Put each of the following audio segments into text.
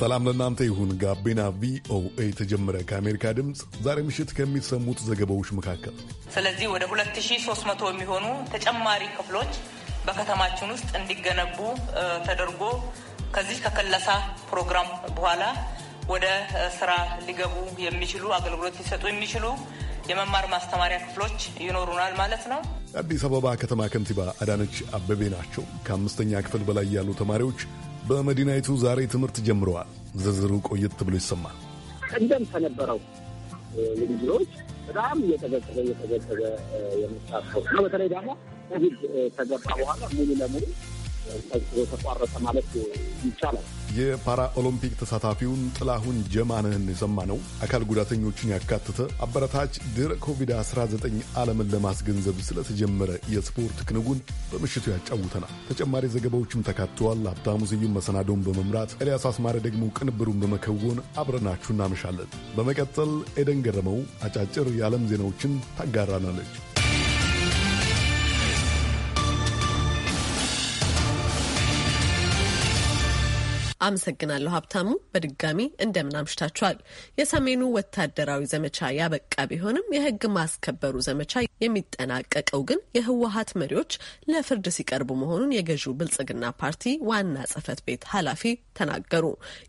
ሰላም ለእናንተ ይሁን። ጋቢና ቪኦኤ የተጀመረ ከአሜሪካ ድምፅ ዛሬ ምሽት ከሚሰሙት ዘገባዎች መካከል ስለዚህ ወደ 2300 የሚሆኑ ተጨማሪ ክፍሎች በከተማችን ውስጥ እንዲገነቡ ተደርጎ ከዚህ ከከለሳ ፕሮግራም በኋላ ወደ ስራ ሊገቡ የሚችሉ አገልግሎት ሊሰጡ የሚችሉ የመማር ማስተማሪያ ክፍሎች ይኖሩናል ማለት ነው። የአዲስ አበባ ከተማ ከንቲባ አዳነች አበቤ ናቸው። ከአምስተኛ ክፍል በላይ ያሉ ተማሪዎች በመዲናይቱ ዛሬ ትምህርት ጀምረዋል። ዝርዝሩ ቆየት ብሎ ይሰማል። ቀደም ከነበረው ውድድሮች በጣም እየተገጠበ እየተገጠበ የመጣ ሰው በተለይ ደግሞ ኮቪድ ከገባ በኋላ ሙሉ ለሙሉ ተዝግቦ ተቋረጠ ማለት ይቻላል። የፓራ ኦሎምፒክ ተሳታፊውን ጥላሁን ጀማንህን የሰማ ነው። አካል ጉዳተኞቹን ያካተተ አበረታች ድረ ኮቪድ-19 ዓለምን ለማስገንዘብ ስለተጀመረ የስፖርት ክንውን በምሽቱ ያጫውተናል። ተጨማሪ ዘገባዎችም ተካትተዋል። ሀብታሙ ስዩም መሰናዶውን በመምራት ኤልያስ አስማሪ ደግሞ ቅንብሩን በመከወን አብረናችሁ እናመሻለን። በመቀጠል ኤደን ገረመው አጫጭር የዓለም ዜናዎችን ታጋራናለች። አመሰግናለሁ ሀብታሙ። በድጋሚ እንደምን አምሽታችኋል። የሰሜኑ ወታደራዊ ዘመቻ ያበቃ ቢሆንም የህግ ማስከበሩ ዘመቻ የሚጠናቀቀው ግን የህወሀት መሪዎች ለፍርድ ሲቀርቡ መሆኑን የገዢው ብልጽግና ፓርቲ ዋና ጽህፈት ቤት ኃላፊ ተናገሩ።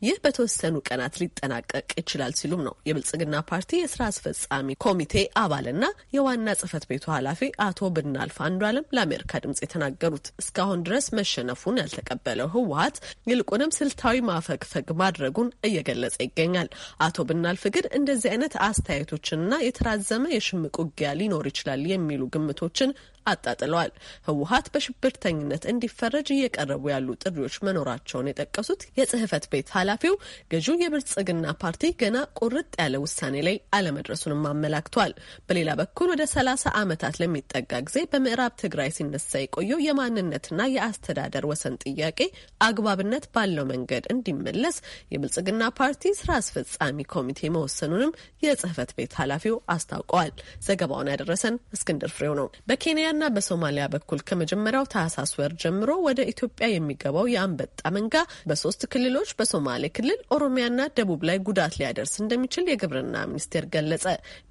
ይህ በተወሰኑ ቀናት ሊጠናቀቅ ይችላል ሲሉም ነው የብልጽግና ፓርቲ የስራ አስፈጻሚ ኮሚቴ አባልና የዋና ጽህፈት ቤቱ ኃላፊ አቶ ብናልፍ አንዱ አለም ለአሜሪካ ድምጽ የተናገሩት። እስካሁን ድረስ መሸነፉን ያልተቀበለው ህወሀት ይልቁንም ስልት ወቅታዊ ማፈግፈግ ማድረጉን እየገለጸ ይገኛል። አቶ ብናልፍ ግን እንደዚህ አይነት አስተያየቶችንና የተራዘመ የሽምቅ ውጊያ ሊኖር ይችላል የሚሉ ግምቶችን አጣጥለዋል። ህወሀት በሽብርተኝነት እንዲፈረጅ እየቀረቡ ያሉ ጥሪዎች መኖራቸውን የጠቀሱት የጽህፈት ቤት ኃላፊው ገዢው የብልጽግና ፓርቲ ገና ቁርጥ ያለ ውሳኔ ላይ አለመድረሱንም አመላክቷል። በሌላ በኩል ወደ ሰላሳ ዓመታት ለሚጠጋ ጊዜ በምዕራብ ትግራይ ሲነሳ የቆየው የማንነትና የአስተዳደር ወሰን ጥያቄ አግባብነት ባለው መንገድ እንዲመለስ የብልጽግና ፓርቲ ስራ አስፈጻሚ ኮሚቴ መወሰኑንም የጽህፈት ቤት ኃላፊው አስታውቀዋል። ዘገባውን ያደረሰን እስክንድር ፍሬው ነው። በኬንያ በኬንያና በሶማሊያ በኩል ከመጀመሪያው ታህሳስ ወር ጀምሮ ወደ ኢትዮጵያ የሚገባው የአንበጣ መንጋ በሶስት ክልሎች በሶማሌ ክልል፣ ኦሮሚያና ደቡብ ላይ ጉዳት ሊያደርስ እንደሚችል የግብርና ሚኒስቴር ገለጸ።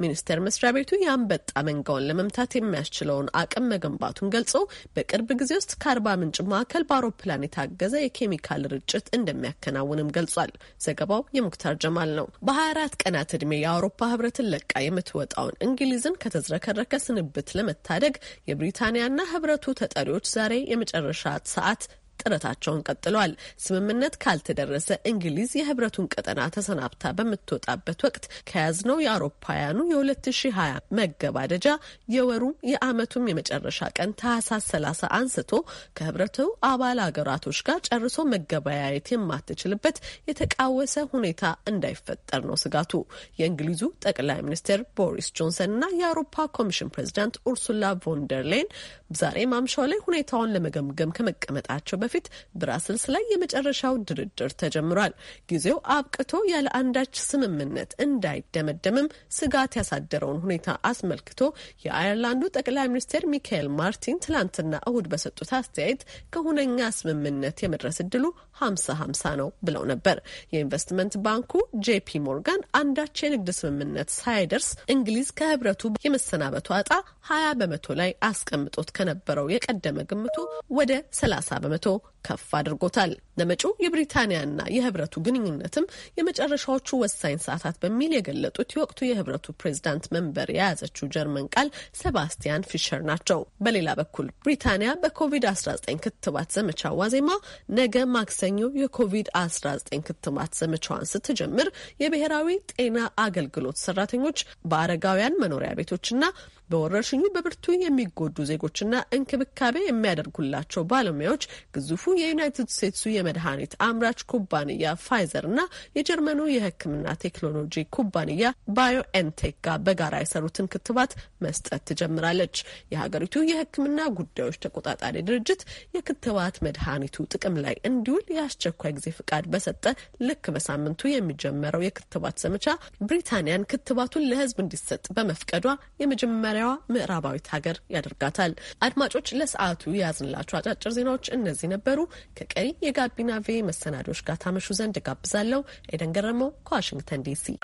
ሚኒስቴር መስሪያ ቤቱ የአንበጣ መንጋውን ለመምታት የሚያስችለውን አቅም መገንባቱን ገልጾ በቅርብ ጊዜ ውስጥ ከአርባ ምንጭ ማዕከል በአውሮፕላን የታገዘ የኬሚካል ርጭት እንደሚያከናውንም ገልጿል። ዘገባው የሙክታር ጀማል ነው። በ24 ቀናት እድሜ የአውሮፓ ህብረትን ለቃ የምትወጣውን እንግሊዝን ከተዝረከረከ ስንብት ለመታደግ የብሪታንያና ህብረቱ ተጠሪዎች ዛሬ የመጨረሻ ሰዓት ጥረታቸውን ቀጥለዋል። ስምምነት ካልተደረሰ እንግሊዝ የህብረቱን ቀጠና ተሰናብታ በምትወጣበት ወቅት ከያዝነው የአውሮፓውያኑ የ2020 መገባደጃ የወሩ የአመቱም የመጨረሻ ቀን ታህሳስ 30 አንስቶ ከህብረቱ አባል አገራቶች ጋር ጨርሶ መገበያየት የማትችልበት የተቃወሰ ሁኔታ እንዳይፈጠር ነው ስጋቱ። የእንግሊዙ ጠቅላይ ሚኒስትር ቦሪስ ጆንሰን እና የአውሮፓ ኮሚሽን ፕሬዚዳንት ኡርሱላ ቮንደር ላይን ዛሬ ማምሻው ላይ ሁኔታውን ለመገምገም ከመቀመጣቸው በፊት ብራስልስ ላይ የመጨረሻው ድርድር ተጀምሯል። ጊዜው አብቅቶ ያለ አንዳች ስምምነት እንዳይደመደምም ስጋት ያሳደረውን ሁኔታ አስመልክቶ የአየርላንዱ ጠቅላይ ሚኒስትር ሚካኤል ማርቲን ትላንትና እሁድ በሰጡት አስተያየት ከሁነኛ ስምምነት የመድረስ እድሉ ሀምሳ ሀምሳ ነው ብለው ነበር። የኢንቨስትመንት ባንኩ ጄፒ ሞርጋን አንዳች የንግድ ስምምነት ሳይደርስ እንግሊዝ ከህብረቱ የመሰናበቱ አጣ ሀያ በመቶ ላይ አስቀምጦት ከነበረው የቀደመ ግምቱ ወደ 30 በመቶ ከፍ አድርጎታል። ለመጪው የብሪታንያና የህብረቱ ግንኙነትም የመጨረሻዎቹ ወሳኝ ሰዓታት በሚል የገለጡት የወቅቱ የህብረቱ ፕሬዝዳንት መንበር የያዘችው ጀርመን ቃል ሴባስቲያን ፊሸር ናቸው። በሌላ በኩል ብሪታንያ በኮቪድ-19 ክትባት ዘመቻ ዋዜማ ነገ ማክሰኞ የኮቪድ-19 ክትባት ዘመቻዋን ስትጀምር የብሔራዊ ጤና አገልግሎት ሰራተኞች በአረጋውያን መኖሪያ ቤቶችና በወረርሽኙ በብርቱ የሚጎዱ ዜጎችና እንክብካቤ የሚያደርጉላቸው ባለሙያዎች ግዙፉ የዩናይትድ ስቴትሱ የመድኃኒት አምራች ኩባንያ ፋይዘር እና የጀርመኑ የሕክምና ቴክኖሎጂ ኩባንያ ባዮ ኤንቴክ ጋር በጋራ የሰሩትን ክትባት መስጠት ትጀምራለች። የሀገሪቱ የሕክምና ጉዳዮች ተቆጣጣሪ ድርጅት የክትባት መድኃኒቱ ጥቅም ላይ እንዲውል የአስቸኳይ ጊዜ ፍቃድ በሰጠ ልክ በሳምንቱ የሚጀመረው የክትባት ዘመቻ ብሪታንያን ክትባቱን ለህዝብ እንዲሰጥ በመፍቀዷ የመጀመሪያዋ ምዕራባዊት ሀገር ያደርጋታል። አድማጮች፣ ለሰዓቱ የያዝንላቸው አጫጭር ዜናዎች እነዚህ ነበሩ። እንድትጀምሩ ከቀሪ የጋቢና ቬ መሰናዶች ጋር ታመሹ ዘንድ ጋብዛለሁ። ኤደን ገረመው ከዋሽንግተን ዲሲ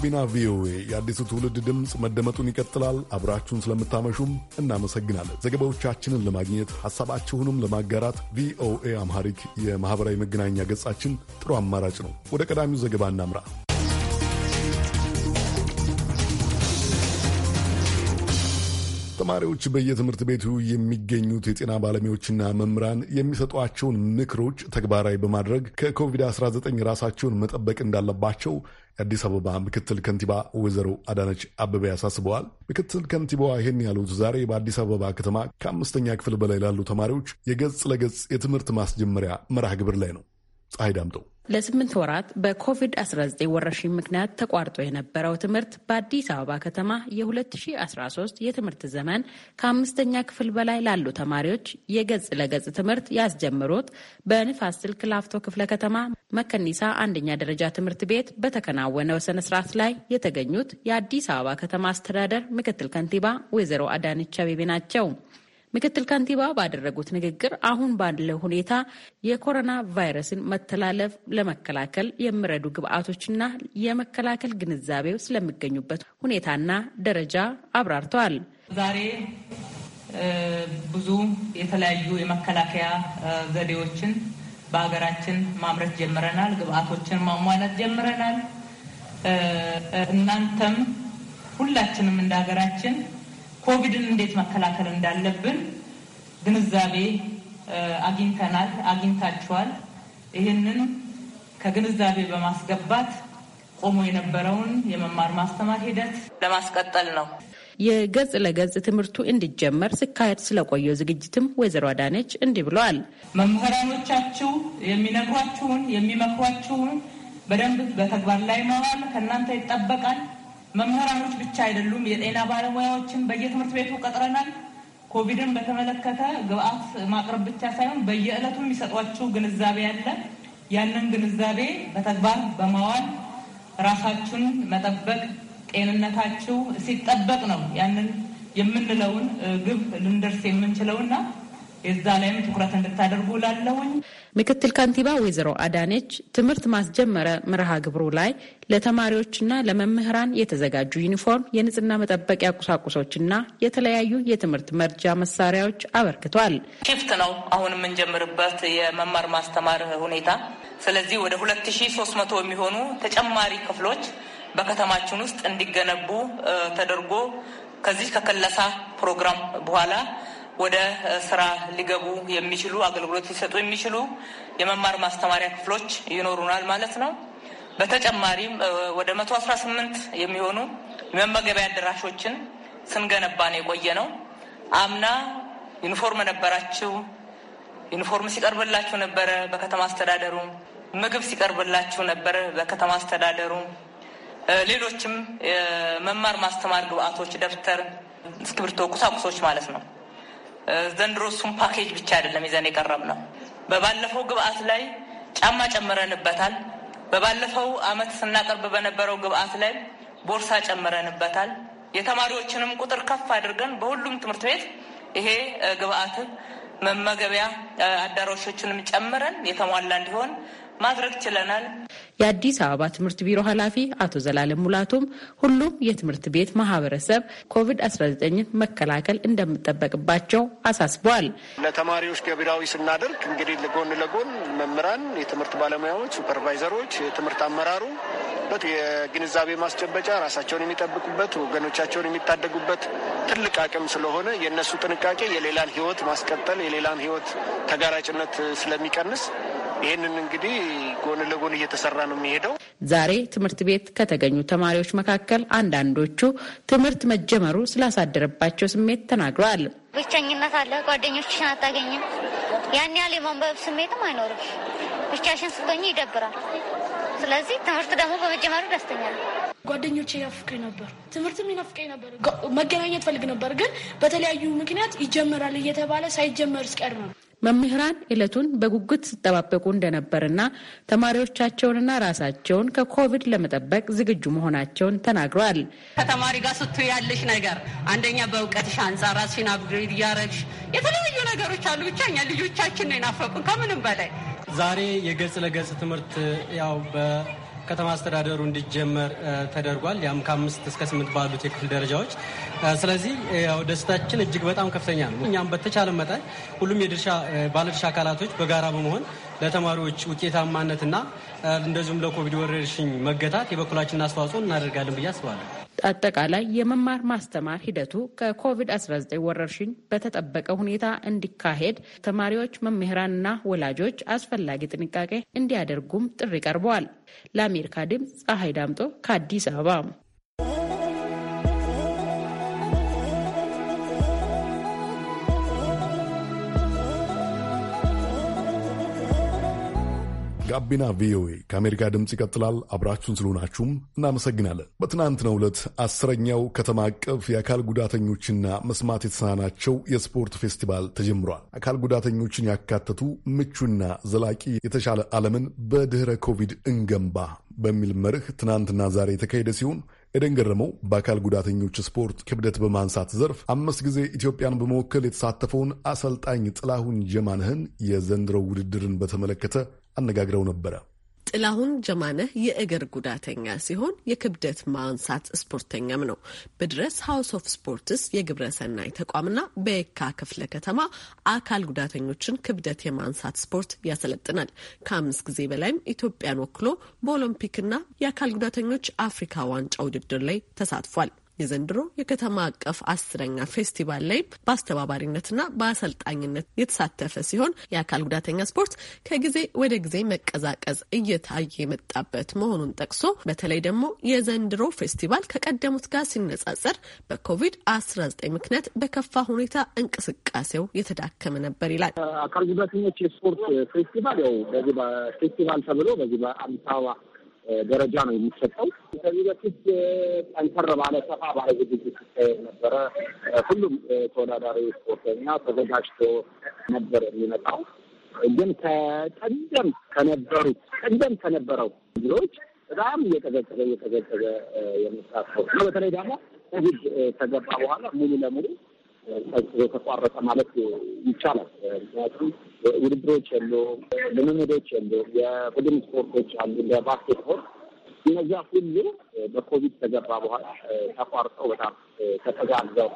ጋቢና ቪኦኤ የአዲሱ ትውልድ ድምፅ መደመጡን ይቀጥላል። አብራችሁን ስለምታመሹም እናመሰግናለን። ዘገባዎቻችንን ለማግኘት ሐሳባችሁንም ለማጋራት ቪኦኤ አምሃሪክ የማኅበራዊ መገናኛ ገጻችን ጥሩ አማራጭ ነው። ወደ ቀዳሚው ዘገባ እናምራ። ተማሪዎች በየትምህርት ቤቱ የሚገኙት የጤና ባለሙያዎችና መምህራን የሚሰጧቸውን ምክሮች ተግባራዊ በማድረግ ከኮቪድ-19 ራሳቸውን መጠበቅ እንዳለባቸው የአዲስ አበባ ምክትል ከንቲባ ወይዘሮ አዳነች አበበ ያሳስበዋል። ምክትል ከንቲባዋ ይህን ያሉት ዛሬ በአዲስ አበባ ከተማ ከአምስተኛ ክፍል በላይ ላሉ ተማሪዎች የገጽ ለገጽ የትምህርት ማስጀመሪያ መርሃ ግብር ላይ ነው። ፀሐይ ዳምጠው ለስምንት ወራት በኮቪድ-19 ወረርሽኝ ምክንያት ተቋርጦ የነበረው ትምህርት በአዲስ አበባ ከተማ የ2013 የትምህርት ዘመን ከአምስተኛ ክፍል በላይ ላሉ ተማሪዎች የገጽ ለገጽ ትምህርት ያስጀምሩት በንፋስ ስልክ ላፍቶ ክፍለ ከተማ መከኒሳ አንደኛ ደረጃ ትምህርት ቤት በተከናወነው ስነ ስርዓት ላይ የተገኙት የአዲስ አበባ ከተማ አስተዳደር ምክትል ከንቲባ ወይዘሮ አዳነች አቤቤ ናቸው። ምክትል ከንቲባ ባደረጉት ንግግር አሁን ባለው ሁኔታ የኮሮና ቫይረስን መተላለፍ ለመከላከል የሚረዱ ግብአቶችና የመከላከል ግንዛቤው ስለሚገኙበት ሁኔታና ደረጃ አብራርተዋል። ዛሬ ብዙ የተለያዩ የመከላከያ ዘዴዎችን በሀገራችን ማምረት ጀምረናል። ግብዓቶችን ማሟላት ጀምረናል። እናንተም ሁላችንም እንደ ሀገራችን ኮቪድን እንዴት መከላከል እንዳለብን ግንዛቤ አግኝተናል፣ አግኝታችኋል። ይህንን ከግንዛቤ በማስገባት ቆሞ የነበረውን የመማር ማስተማር ሂደት ለማስቀጠል ነው። የገጽ ለገጽ ትምህርቱ እንዲጀመር ሲካሄድ ስለቆየው ዝግጅትም ወይዘሮ አዳነች እንዲህ ብለዋል። መምህራኖቻችሁ የሚነግሯችሁን የሚመክሯችሁን በደንብ በተግባር ላይ መዋል ከእናንተ ይጠበቃል። መምህራኖች ብቻ አይደሉም፣ የጤና ባለሙያዎችን በየትምህርት ቤቱ ቀጥረናል። ኮቪድን በተመለከተ ግብአት ማቅረብ ብቻ ሳይሆን በየዕለቱ የሚሰጧችሁ ግንዛቤ አለ። ያንን ግንዛቤ በተግባር በማዋል ራሳችሁን መጠበቅ ጤንነታችሁ ሲጠበቅ ነው ያንን የምንለውን ግብ ልንደርስ የምንችለውና የዛ ላይም ትኩረት እንድታደርጉ ላለሁኝ ምክትል ከንቲባ ወይዘሮ አዳነች ትምህርት ማስጀመረ መርሃ ግብሩ ላይ ለተማሪዎችና ለመምህራን የተዘጋጁ ዩኒፎርም፣ የንጽህና መጠበቂያ ቁሳቁሶችና የተለያዩ የትምህርት መርጃ መሳሪያዎች አበርክቷል። ሽፍት ነው አሁን የምንጀምርበት የመማር ማስተማር ሁኔታ። ስለዚህ ወደ ሁለት ሺ ሶስት መቶ የሚሆኑ ተጨማሪ ክፍሎች በከተማችን ውስጥ እንዲገነቡ ተደርጎ ከዚህ ከከለሳ ፕሮግራም በኋላ ወደ ስራ ሊገቡ የሚችሉ አገልግሎት ሊሰጡ የሚችሉ የመማር ማስተማሪያ ክፍሎች ይኖሩናል ማለት ነው። በተጨማሪም ወደ መቶ አስራ ስምንት የሚሆኑ የመመገቢያ አዳራሾችን ስንገነባን የቆየ ነው። አምና ዩኒፎርም ነበራችሁ፣ ዩኒፎርም ሲቀርብላችሁ ነበረ። በከተማ አስተዳደሩ ምግብ ሲቀርብላችሁ ነበረ። በከተማ አስተዳደሩ ሌሎችም የመማር ማስተማር ግብአቶች፣ ደብተር፣ እስክሪብቶ፣ ቁሳቁሶች ማለት ነው ዘንድሮ እሱም ፓኬጅ ብቻ አይደለም ይዘን የቀረብ ነው። በባለፈው ግብአት ላይ ጫማ ጨምረንበታል። በባለፈው አመት ስናቀርብ በነበረው ግብአት ላይ ቦርሳ ጨምረንበታል። የተማሪዎችንም ቁጥር ከፍ አድርገን በሁሉም ትምህርት ቤት ይሄ ግብአት መመገቢያ አዳራሾችንም ጨምረን የተሟላ እንዲሆን ማድረግ ችለናል። የአዲስ አበባ ትምህርት ቢሮ ኃላፊ አቶ ዘላለም ሙላቱም ሁሉም የትምህርት ቤት ማህበረሰብ ኮቪድ-19ን መከላከል እንደምጠበቅባቸው አሳስበዋል። ለተማሪዎች ገቢራዊ ስናደርግ እንግዲህ ጎን ለጎን መምህራን፣ የትምህርት ባለሙያዎች፣ ሱፐርቫይዘሮች፣ የትምህርት አመራሩ የግንዛቤ ማስጨበጫ ራሳቸውን የሚጠብቁበት ወገኖቻቸውን የሚታደጉበት ትልቅ አቅም ስለሆነ የእነሱ ጥንቃቄ የሌላን ህይወት ማስቀጠል የሌላን ህይወት ተጋራጭነት ስለሚቀንስ ይህንን እንግዲህ ጎን ለጎን እየተሰራ ነው የሚሄደው። ዛሬ ትምህርት ቤት ከተገኙ ተማሪዎች መካከል አንዳንዶቹ ትምህርት መጀመሩ ስላሳደረባቸው ስሜት ተናግረዋል። ብቸኝነት አለ፣ ጓደኞችሽን አታገኝም፣ ያን ያህል የማንበብ ስሜትም አይኖርም። ብቻሽን ስትሆኚ ይደብራል። ስለዚህ ትምህርት ደግሞ በመጀመሩ ደስተኛ ነው። ጓደኞቼ ይናፍቀኝ ነበር፣ ትምህርትም ይናፍቀኝ ነበር። መገናኘት ፈልግ ነበር፣ ግን በተለያዩ ምክንያት ይጀመራል እየተባለ ሳይጀመር እስቀር ነው። መምህራን ዕለቱን በጉጉት ሲጠባበቁ እንደነበርና ተማሪዎቻቸውንና ራሳቸውን ከኮቪድ ለመጠበቅ ዝግጁ መሆናቸውን ተናግረዋል። ከተማሪ ጋር ስቱ ያለሽ ነገር አንደኛ በእውቀትሽ አንጻር ራስሽን አፕግሬድ እያረግሽ የተለያዩ ነገሮች አሉ። ብቻ እኛ ልጆቻችን ነው የናፈቁን ከምንም በላይ ዛሬ የገጽ ለገጽ ትምህርት ያው ከተማ አስተዳደሩ እንዲጀመር ተደርጓል። ያም ከአምስት እስከ ስምንት ባሉት የክፍል ደረጃዎች። ስለዚህ ያው ደስታችን እጅግ በጣም ከፍተኛ ነው። እኛም በተቻለ መጠን ሁሉም የድርሻ ባለድርሻ አካላቶች በጋራ በመሆን ለተማሪዎች ውጤታማነትና እንደዚሁም ለኮቪድ ወረርሽኝ መገታት የበኩላችንን አስተዋጽኦ እናደርጋለን ብዬ አስባለሁ። አጠቃላይ የመማር ማስተማር ሂደቱ ከኮቪድ-19 ወረርሽኝ በተጠበቀ ሁኔታ እንዲካሄድ ተማሪዎች፣ መምህራንና ወላጆች አስፈላጊ ጥንቃቄ እንዲያደርጉም ጥሪ ቀርበዋል። ለአሜሪካ ድምፅ ፀሐይ ዳምጦ ከአዲስ አበባ ጋቢና ቪኦኤ ከአሜሪካ ድምፅ ይቀጥላል። አብራችሁን ስለሆናችሁም እናመሰግናለን። በትናንትናው ዕለት አስረኛው ከተማ አቀፍ የአካል ጉዳተኞችና መስማት የተሳናቸው የስፖርት ፌስቲቫል ተጀምሯል። አካል ጉዳተኞችን ያካተቱ ምቹና ዘላቂ የተሻለ ዓለምን በድኅረ ኮቪድ እንገንባ በሚል መርህ ትናንትና ዛሬ የተካሄደ ሲሆን ኤደን ገረመው በአካል ጉዳተኞች ስፖርት ክብደት በማንሳት ዘርፍ አምስት ጊዜ ኢትዮጵያን በመወከል የተሳተፈውን አሰልጣኝ ጥላሁን ጀማንህን የዘንድሮው ውድድርን በተመለከተ አነጋግረው ነበረ። ጥላሁን ጀማነህ የእግር ጉዳተኛ ሲሆን የክብደት ማንሳት ስፖርተኛም ነው። በድረስ ሀውስ ኦፍ ስፖርትስ የግብረ ሰናይ ተቋምና በየካ ክፍለ ከተማ አካል ጉዳተኞችን ክብደት የማንሳት ስፖርት ያሰለጥናል። ከአምስት ጊዜ በላይም ኢትዮጵያን ወክሎ በኦሎምፒክና የአካል ጉዳተኞች አፍሪካ ዋንጫ ውድድር ላይ ተሳትፏል። የዘንድሮ የከተማ አቀፍ አስረኛ ፌስቲቫል ላይ በአስተባባሪነትና በአሰልጣኝነት የተሳተፈ ሲሆን የአካል ጉዳተኛ ስፖርት ከጊዜ ወደ ጊዜ መቀዛቀዝ እየታየ የመጣበት መሆኑን ጠቅሶ በተለይ ደግሞ የዘንድሮ ፌስቲቫል ከቀደሙት ጋር ሲነጻጸር በኮቪድ-19 ምክንያት በከፋ ሁኔታ እንቅስቃሴው የተዳከመ ነበር ይላል። አካል ጉዳተኞች የስፖርት ፌስቲቫል ያው በዚህ በፌስቲቫል ተብሎ በዚህ በአዲስ አበባ ደረጃ ነው የሚሰጠው። ከዚህ በፊት ጠንከር ባለ ሰፋ ባለ ዝግጅት ሲካሄድ ነበረ። ሁሉም ተወዳዳሪ ስፖርተኛ ተዘጋጅቶ ነበር የሚመጣው። ግን ከቀደም ከነበሩት ቀደም ከነበረው ጊዜዎች በጣም እየቀዘቀዘ እየቀዘቀዘ የመጣ ነው። በተለይ ደግሞ ኮቪድ ከገባ በኋላ ሙሉ ለሙሉ የተቋረጠ ማለት ይቻላል። ምክንያቱም ውድድሮች የሉም፣ ልምምዶች የሉም። የቡድን ስፖርቶች አሉ እንደ ባስኬትቦል እነዚያ ሁሉ በኮቪድ ተገባ በኋላ ተቋርጠው በጣም ተተጋግዘው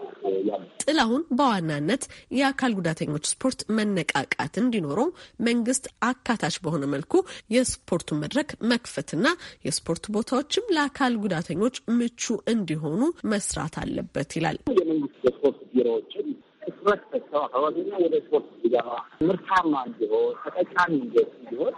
ያሉ። ጥላሁን በዋናነት የአካል ጉዳተኞች ስፖርት መነቃቃት እንዲኖረው መንግስት አካታች በሆነ መልኩ የስፖርቱን መድረክ መክፈትና የስፖርት ቦታዎችም ለአካል ጉዳተኞች ምቹ እንዲሆኑ መስራት አለበት ይላል። የመንግስት የስፖርት ቢሮዎችም ትኩረት ሰጥተው ወደ ስፖርት ሊገባ ምርታማ እንዲሆን ተጠቃሚ እንዲሆን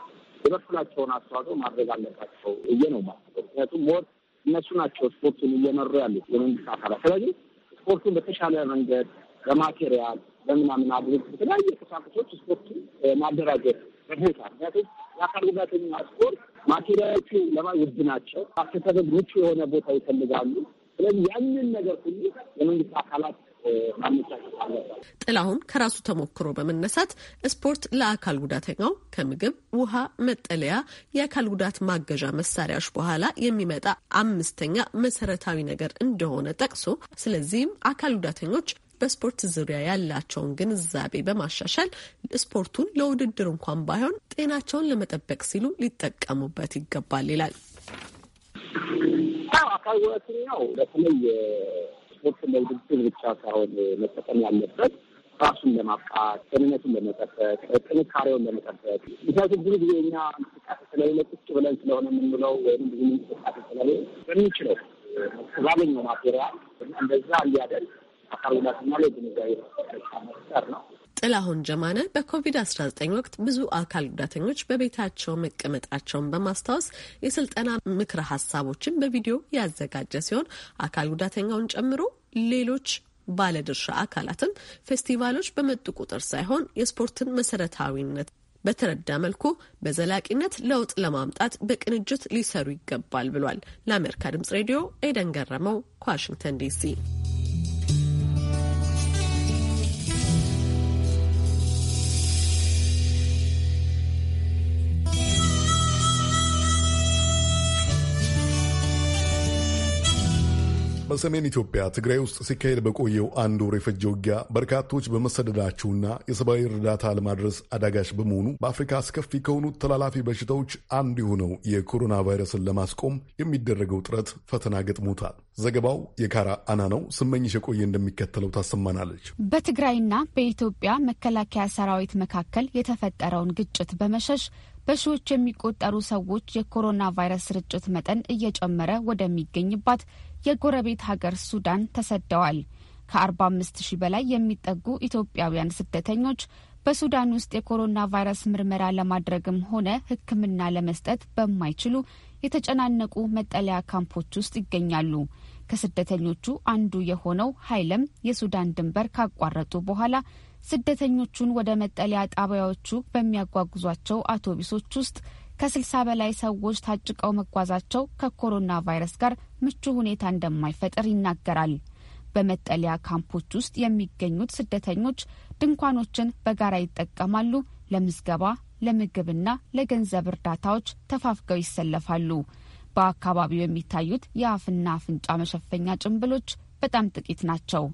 የበኩላቸውን አስተዋጽኦ ማድረግ አለባቸው እየ ነው ማስበው። ምክንያቱም ሞር እነሱ ናቸው ስፖርቱን እየመሩ ያሉት የመንግስት አካላት። ስለዚህ ስፖርቱን በተሻለ መንገድ በማቴሪያል በምናምን አድርግ በተለያየ ቁሳቁሶች ስፖርቱን ማደራጀት በቦታ ምክንያቱም የአካል ጉዳተኛ ስፖርት ማቴሪያሎቹ ለማ ውድ ናቸው። አስተሳሰብ ምቹ የሆነ ቦታ ይፈልጋሉ። ስለዚህ ያንን ነገር ሁሉ የመንግስት አካላት ማመቻቸት ጥላሁን ከራሱ ተሞክሮ በመነሳት ስፖርት ለአካል ጉዳተኛው ከምግብ፣ ውሃ፣ መጠለያ፣ የአካል ጉዳት ማገዣ መሳሪያዎች በኋላ የሚመጣ አምስተኛ መሰረታዊ ነገር እንደሆነ ጠቅሶ ስለዚህም አካል ጉዳተኞች በስፖርት ዙሪያ ያላቸውን ግንዛቤ በማሻሻል ስፖርቱን ለውድድር እንኳን ባይሆን ጤናቸውን ለመጠበቅ ሲሉ ሊጠቀሙበት ይገባል ይላል። አካል ጉዳተኛው በተለይ ስፖርት ለውድድር ብቻ ሳይሆን መጠቀም ያለበት ራሱን ለማብቃት፣ ጤንነቱን ለመጠበቅ፣ ጥንካሬውን ለመጠበቅ። ምክንያቱም ብዙ ጊዜ እኛ እንቅስቃሴ ስለሌለ ቁጭ ብለን ስለሆነ የምንውለው ወይም ብዙ እንቅስቃሴ ስለሌለ በሚችለው ባገኘው ማቴሪያል እንደዛ እንዲያደርግ አካል ጉዳተኛ ላይ ግንዛቤ መፍጠር ነው። ጥላሁን ጀማነ በኮቪድ-19 ወቅት ብዙ አካል ጉዳተኞች በቤታቸው መቀመጣቸውን በማስታወስ የስልጠና ምክረ ሀሳቦችን በቪዲዮ ያዘጋጀ ሲሆን አካል ጉዳተኛውን ጨምሮ ሌሎች ባለድርሻ አካላትም ፌስቲቫሎች በመጡ ቁጥር ሳይሆን የስፖርትን መሰረታዊነት በተረዳ መልኩ በዘላቂነት ለውጥ ለማምጣት በቅንጅት ሊሰሩ ይገባል ብሏል። ለአሜሪካ ድምጽ ሬዲዮ ኤደን ገረመው ከዋሽንግተን ዲሲ በሰሜን ኢትዮጵያ ትግራይ ውስጥ ሲካሄድ በቆየው አንድ ወር የፈጀ ውጊያ በርካቶች በመሰደዳቸውና የሰብአዊ እርዳታ ለማድረስ አዳጋች በመሆኑ በአፍሪካ አስከፊ ከሆኑት ተላላፊ በሽታዎች አንዱ የሆነው የኮሮና ቫይረስን ለማስቆም የሚደረገው ጥረት ፈተና ገጥሞታል። ዘገባው የካራ አና ነው። ስመኝሽ የቆየ እንደሚከተለው ታሰማናለች። በትግራይና በኢትዮጵያ መከላከያ ሰራዊት መካከል የተፈጠረውን ግጭት በመሸሽ በሺዎች የሚቆጠሩ ሰዎች የኮሮና ቫይረስ ስርጭት መጠን እየጨመረ ወደሚገኝባት የጎረቤት ሀገር ሱዳን ተሰደዋል። ከ45 ሺህ በላይ የሚጠጉ ኢትዮጵያውያን ስደተኞች በሱዳን ውስጥ የኮሮና ቫይረስ ምርመራ ለማድረግም ሆነ ሕክምና ለመስጠት በማይችሉ የተጨናነቁ መጠለያ ካምፖች ውስጥ ይገኛሉ። ከስደተኞቹ አንዱ የሆነው ሀይለም የሱዳን ድንበር ካቋረጡ በኋላ ስደተኞቹን ወደ መጠለያ ጣቢያዎቹ በሚያጓጉዟቸው አውቶቡሶች ውስጥ ከስልሳ በላይ ሰዎች ታጭቀው መጓዛቸው ከኮሮና ቫይረስ ጋር ምቹ ሁኔታ እንደማይፈጥር ይናገራል። በመጠለያ ካምፖች ውስጥ የሚገኙት ስደተኞች ድንኳኖችን በጋራ ይጠቀማሉ። ለምዝገባ፣ ለምግብና ለገንዘብ እርዳታዎች ተፋፍገው ይሰለፋሉ። በአካባቢው የሚታዩት የአፍና አፍንጫ መሸፈኛ ጭንብሎች በጣም ጥቂት ናቸው።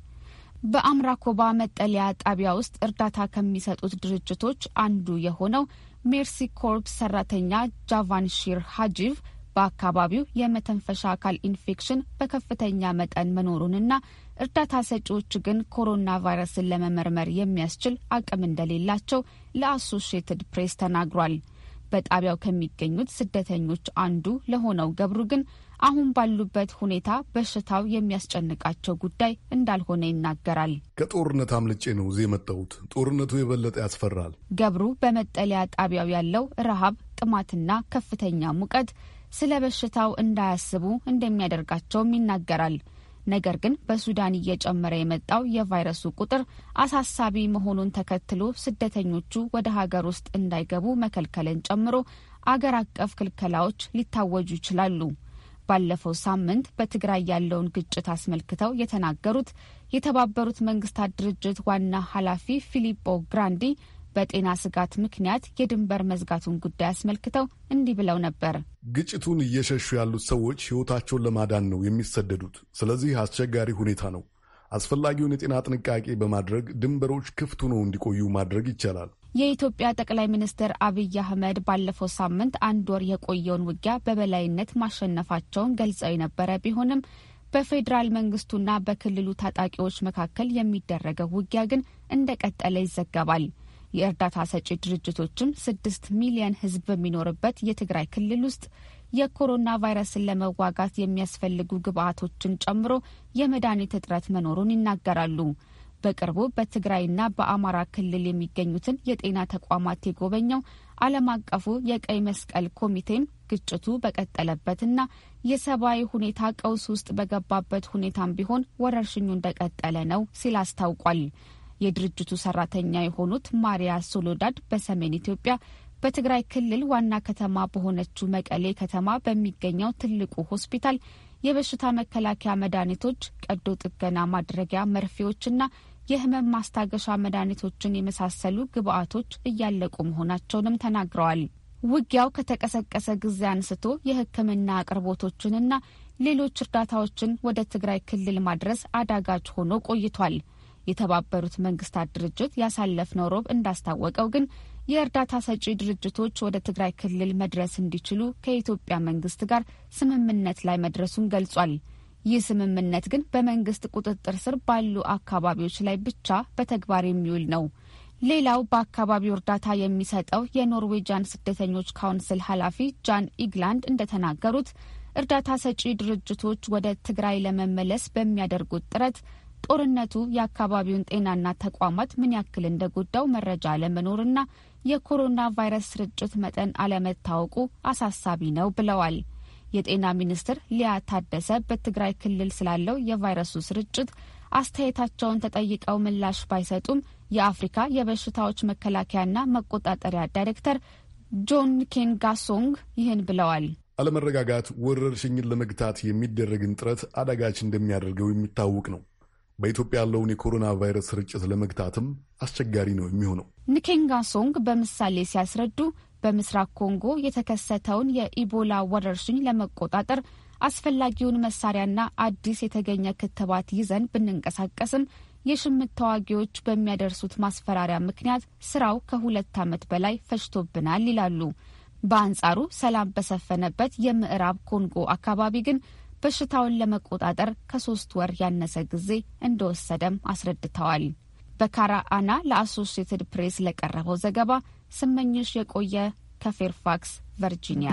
በአምራኮባ መጠለያ ጣቢያ ውስጥ እርዳታ ከሚሰጡት ድርጅቶች አንዱ የሆነው ሜርሲ ኮርፕስ ሰራተኛ ጃቫንሺር ሀጂቭ በአካባቢው የመተንፈሻ አካል ኢንፌክሽን በከፍተኛ መጠን መኖሩንና እርዳታ ሰጪዎች ግን ኮሮና ቫይረስን ለመመርመር የሚያስችል አቅም እንደሌላቸው ለአሶሽየትድ ፕሬስ ተናግሯል። በጣቢያው ከሚገኙት ስደተኞች አንዱ ለሆነው ገብሩ ግን አሁን ባሉበት ሁኔታ በሽታው የሚያስጨንቃቸው ጉዳይ እንዳልሆነ ይናገራል። ከጦርነት አምልጬ ነው እዚህ የመጣሁት። ጦርነቱ የበለጠ ያስፈራል። ገብሩ በመጠለያ ጣቢያው ያለው ረሃብ፣ ጥማትና ከፍተኛ ሙቀት ስለ በሽታው እንዳያስቡ እንደሚያደርጋቸውም ይናገራል። ነገር ግን በሱዳን እየጨመረ የመጣው የቫይረሱ ቁጥር አሳሳቢ መሆኑን ተከትሎ ስደተኞቹ ወደ ሀገር ውስጥ እንዳይገቡ መከልከልን ጨምሮ አገር አቀፍ ክልከላዎች ሊታወጁ ይችላሉ። ባለፈው ሳምንት በትግራይ ያለውን ግጭት አስመልክተው የተናገሩት የተባበሩት መንግስታት ድርጅት ዋና ኃላፊ ፊሊፖ ግራንዲ በጤና ስጋት ምክንያት የድንበር መዝጋቱን ጉዳይ አስመልክተው እንዲህ ብለው ነበር። ግጭቱን እየሸሹ ያሉት ሰዎች ሕይወታቸውን ለማዳን ነው የሚሰደዱት። ስለዚህ አስቸጋሪ ሁኔታ ነው። አስፈላጊውን የጤና ጥንቃቄ በማድረግ ድንበሮች ክፍት ሆነው እንዲቆዩ ማድረግ ይቻላል። የኢትዮጵያ ጠቅላይ ሚኒስትር አብይ አህመድ ባለፈው ሳምንት አንድ ወር የቆየውን ውጊያ በበላይነት ማሸነፋቸውን ገልጸው የነበረ ቢሆንም በፌዴራል መንግስቱና በክልሉ ታጣቂዎች መካከል የሚደረገው ውጊያ ግን እንደቀጠለ ይዘገባል። የእርዳታ ሰጪ ድርጅቶችም ስድስት ሚሊየን ህዝብ በሚኖርበት የትግራይ ክልል ውስጥ የኮሮና ቫይረስን ለመዋጋት የሚያስፈልጉ ግብዓቶችን ጨምሮ የመድኃኒት እጥረት መኖሩን ይናገራሉ። በቅርቡ በትግራይና በአማራ ክልል የሚገኙትን የጤና ተቋማት የጎበኘው ዓለም አቀፉ የቀይ መስቀል ኮሚቴም ግጭቱ በቀጠለበትና የሰብአዊ ሁኔታ ቀውስ ውስጥ በገባበት ሁኔታም ቢሆን ወረርሽኙ እንደቀጠለ ነው ሲል አስታውቋል። የድርጅቱ ሰራተኛ የሆኑት ማሪያ ሶሎዳድ በሰሜን ኢትዮጵያ በትግራይ ክልል ዋና ከተማ በሆነችው መቀሌ ከተማ በሚገኘው ትልቁ ሆስፒታል የበሽታ መከላከያ መድኃኒቶች፣ ቀዶ ጥገና ማድረጊያ መርፌዎችና የህመም ማስታገሻ መድኃኒቶችን የመሳሰሉ ግብአቶች እያለቁ መሆናቸውንም ተናግረዋል። ውጊያው ከተቀሰቀሰ ጊዜ አንስቶ የህክምና አቅርቦቶችንና ሌሎች እርዳታዎችን ወደ ትግራይ ክልል ማድረስ አዳጋች ሆኖ ቆይቷል። የተባበሩት መንግስታት ድርጅት ያሳለፍነው ሮብ እንዳስታወቀው ግን የእርዳታ ሰጪ ድርጅቶች ወደ ትግራይ ክልል መድረስ እንዲችሉ ከኢትዮጵያ መንግስት ጋር ስምምነት ላይ መድረሱን ገልጿል። ይህ ስምምነት ግን በመንግስት ቁጥጥር ስር ባሉ አካባቢዎች ላይ ብቻ በተግባር የሚውል ነው። ሌላው በአካባቢው እርዳታ የሚሰጠው የኖርዌጃን ስደተኞች ካውንስል ኃላፊ ጃን ኢግላንድ እንደተናገሩት እርዳታ ሰጪ ድርጅቶች ወደ ትግራይ ለመመለስ በሚያደርጉት ጥረት ጦርነቱ የአካባቢውን ጤናና ተቋማት ምን ያክል እንደጎዳው መረጃ አለመኖርና የኮሮና ቫይረስ ስርጭት መጠን አለመታወቁ አሳሳቢ ነው ብለዋል። የጤና ሚኒስትር ሊያ ታደሰ በትግራይ ክልል ስላለው የቫይረሱ ስርጭት አስተያየታቸውን ተጠይቀው ምላሽ ባይሰጡም የአፍሪካ የበሽታዎች መከላከያና መቆጣጠሪያ ዳይሬክተር ጆን ኬንጋሶንግ ይህን ብለዋል። አለመረጋጋት ወረርሽኝን ለመግታት የሚደረግን ጥረት አዳጋች እንደሚያደርገው የሚታወቅ ነው። በኢትዮጵያ ያለውን የኮሮና ቫይረስ ስርጭት ለመግታትም አስቸጋሪ ነው የሚሆነው። ሶንግ በምሳሌ ሲያስረዱ በምስራቅ ኮንጎ የተከሰተውን የኢቦላ ወረርሽኝ ለመቆጣጠር አስፈላጊውን መሳሪያና አዲስ የተገኘ ክትባት ይዘን ብንንቀሳቀስም የሽምት ተዋጊዎች በሚያደርሱት ማስፈራሪያ ምክንያት ስራው ከሁለት ዓመት በላይ ፈጅቶብናል ይላሉ። በአንጻሩ ሰላም በሰፈነበት የምዕራብ ኮንጎ አካባቢ ግን በሽታውን ለመቆጣጠር ከሶስት ወር ያነሰ ጊዜ እንደወሰደም አስረድተዋል። በካራ አና ለአሶሽየትድ ፕሬስ ለቀረበው ዘገባ ስመኝሽ የቆየ ከፌርፋክስ ቨርጂኒያ።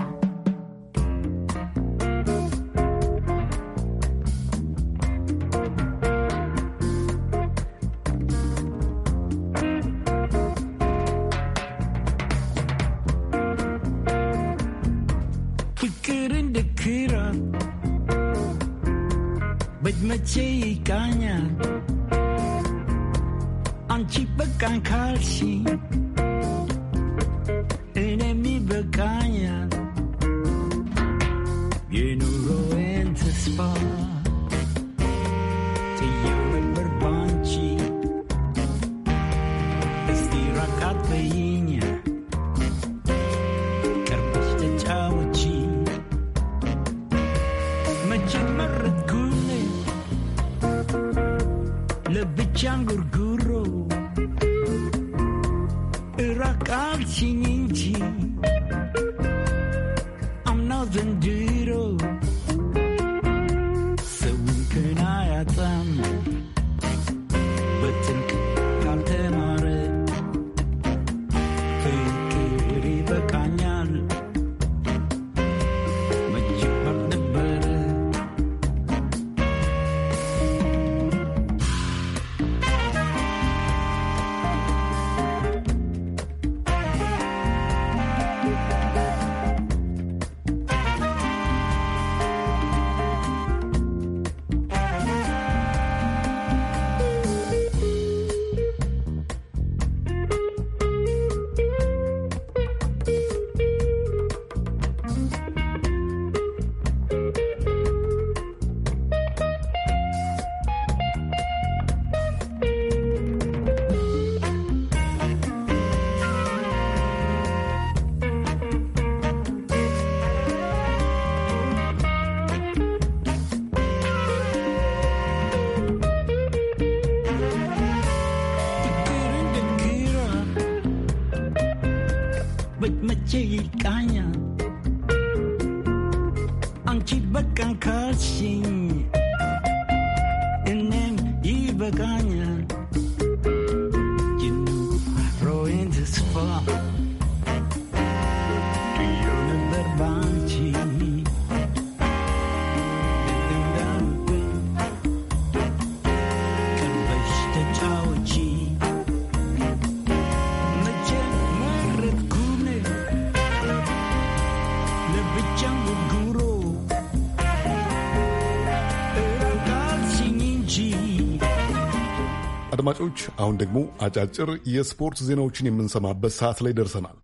Mace i canya, anci beccan calci, Bacán. አድማጮች፣ አሁን ደግሞ አጫጭር የስፖርት ዜናዎችን የምንሰማበት ሰዓት ላይ ደርሰናል።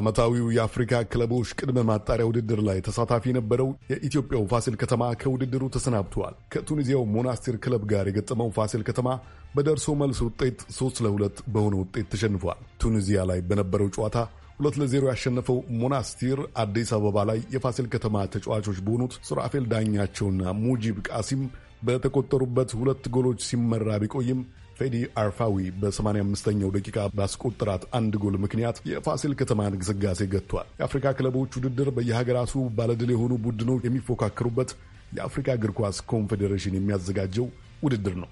በዓመታዊው የአፍሪካ ክለቦች ቅድመ ማጣሪያ ውድድር ላይ ተሳታፊ የነበረው የኢትዮጵያው ፋሲል ከተማ ከውድድሩ ተሰናብተዋል። ከቱኒዚያው ሞናስቲር ክለብ ጋር የገጠመው ፋሲል ከተማ በደርሶ መልስ ውጤት 3 ለሁለት በሆነ ውጤት ተሸንፏል። ቱኒዚያ ላይ በነበረው ጨዋታ ሁለት ለዜሮ ያሸነፈው ሞናስቲር አዲስ አበባ ላይ የፋሲል ከተማ ተጫዋቾች በሆኑት ሱራፌል ዳኛቸውና ሙጂብ ቃሲም በተቆጠሩበት ሁለት ጎሎች ሲመራ ቢቆይም ፌዲ አርፋዊ በ85ኛው ደቂቃ ባስቆጠራት አንድ ጎል ምክንያት የፋሲል ከተማን ግስጋሴ ገጥቷል። የአፍሪካ ክለቦች ውድድር በየሀገራቱ ባለድል የሆኑ ቡድኖች የሚፎካከሩበት የአፍሪካ እግር ኳስ ኮንፌዴሬሽን የሚያዘጋጀው ውድድር ነው።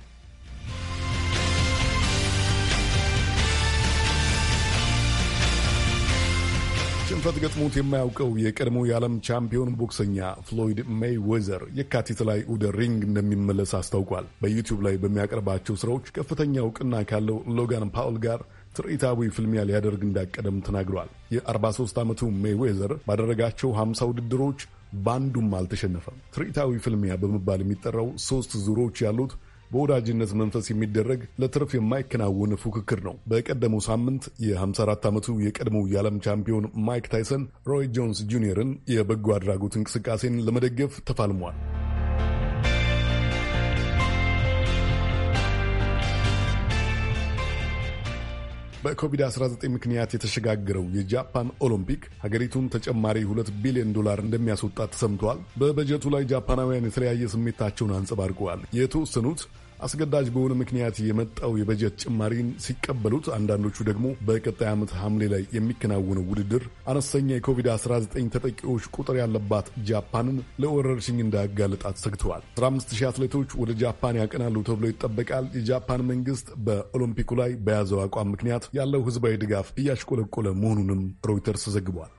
ሽንፈት ገጥሞት የማያውቀው የቀድሞ የዓለም ቻምፒዮን ቦክሰኛ ፍሎይድ ሜይ ወዘር የካቲት ላይ ወደ ሪንግ እንደሚመለስ አስታውቋል። በዩቲዩብ ላይ በሚያቀርባቸው ስራዎች ከፍተኛ እውቅና ካለው ሎጋን ፓውል ጋር ትርኢታዊ ፍልሚያ ሊያደርግ እንዳቀደም ተናግሯል። የ43 ዓመቱ ሜይ ዌዘር ባደረጋቸው 50 ውድድሮች በአንዱም አልተሸነፈም። ትርኢታዊ ፍልሚያ በመባል የሚጠራው ሶስት ዙሮች ያሉት በወዳጅነት መንፈስ የሚደረግ ለትርፍ የማይከናወን ፉክክር ነው። በቀደመው ሳምንት የ54 ዓመቱ የቀድሞው የዓለም ቻምፒዮን ማይክ ታይሰን ሮይ ጆንስ ጁኒየርን የበጎ አድራጎት እንቅስቃሴን ለመደገፍ ተፋልሟል። በኮቪድ-19 ምክንያት የተሸጋገረው የጃፓን ኦሎምፒክ ሀገሪቱን ተጨማሪ 2 ቢሊዮን ዶላር እንደሚያስወጣት ተሰምተዋል። በበጀቱ ላይ ጃፓናውያን የተለያየ ስሜታቸውን አንጸባርቀዋል። የተወሰኑት አስገዳጅ በሆነ ምክንያት የመጣው የበጀት ጭማሪን ሲቀበሉት፣ አንዳንዶቹ ደግሞ በቀጣይ ዓመት ሐምሌ ላይ የሚከናወነው ውድድር አነስተኛ የኮቪድ-19 ተጠቂዎች ቁጥር ያለባት ጃፓንን ለወረርሽኝ እንዳያጋልጣት ሰግተዋል። 150 አትሌቶች ወደ ጃፓን ያቀናሉ ተብሎ ይጠበቃል። የጃፓን መንግስት በኦሎምፒኩ ላይ በያዘው አቋም ምክንያት ያለው ህዝባዊ ድጋፍ እያሽቆለቆለ መሆኑንም ሮይተርስ ዘግቧል።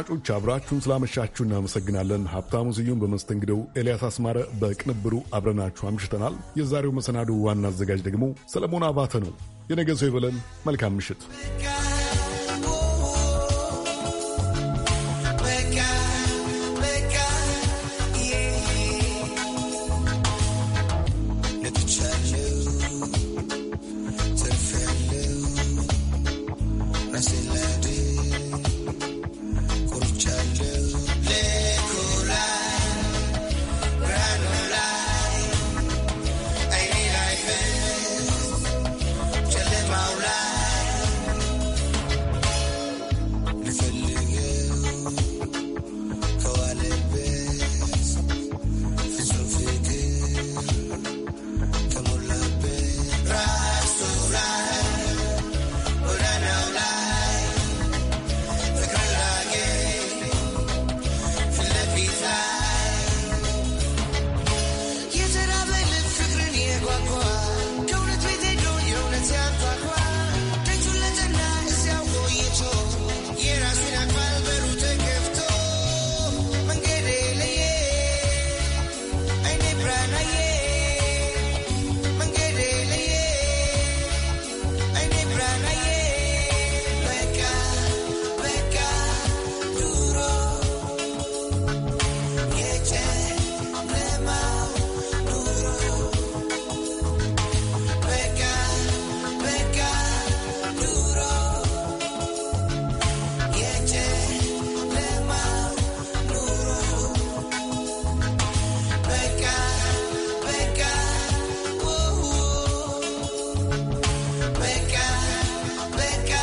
አድማጮች አብራችሁን ስላመሻችሁ እናመሰግናለን። ሀብታሙ ስዩም በመስተንግደው፣ ኤልያስ አስማረ በቅንብሩ አብረናችሁ አምሽተናል። የዛሬው መሰናዶ ዋና አዘጋጅ ደግሞ ሰለሞን አባተ ነው። የነገ ሰው ይበለን። መልካም ምሽት።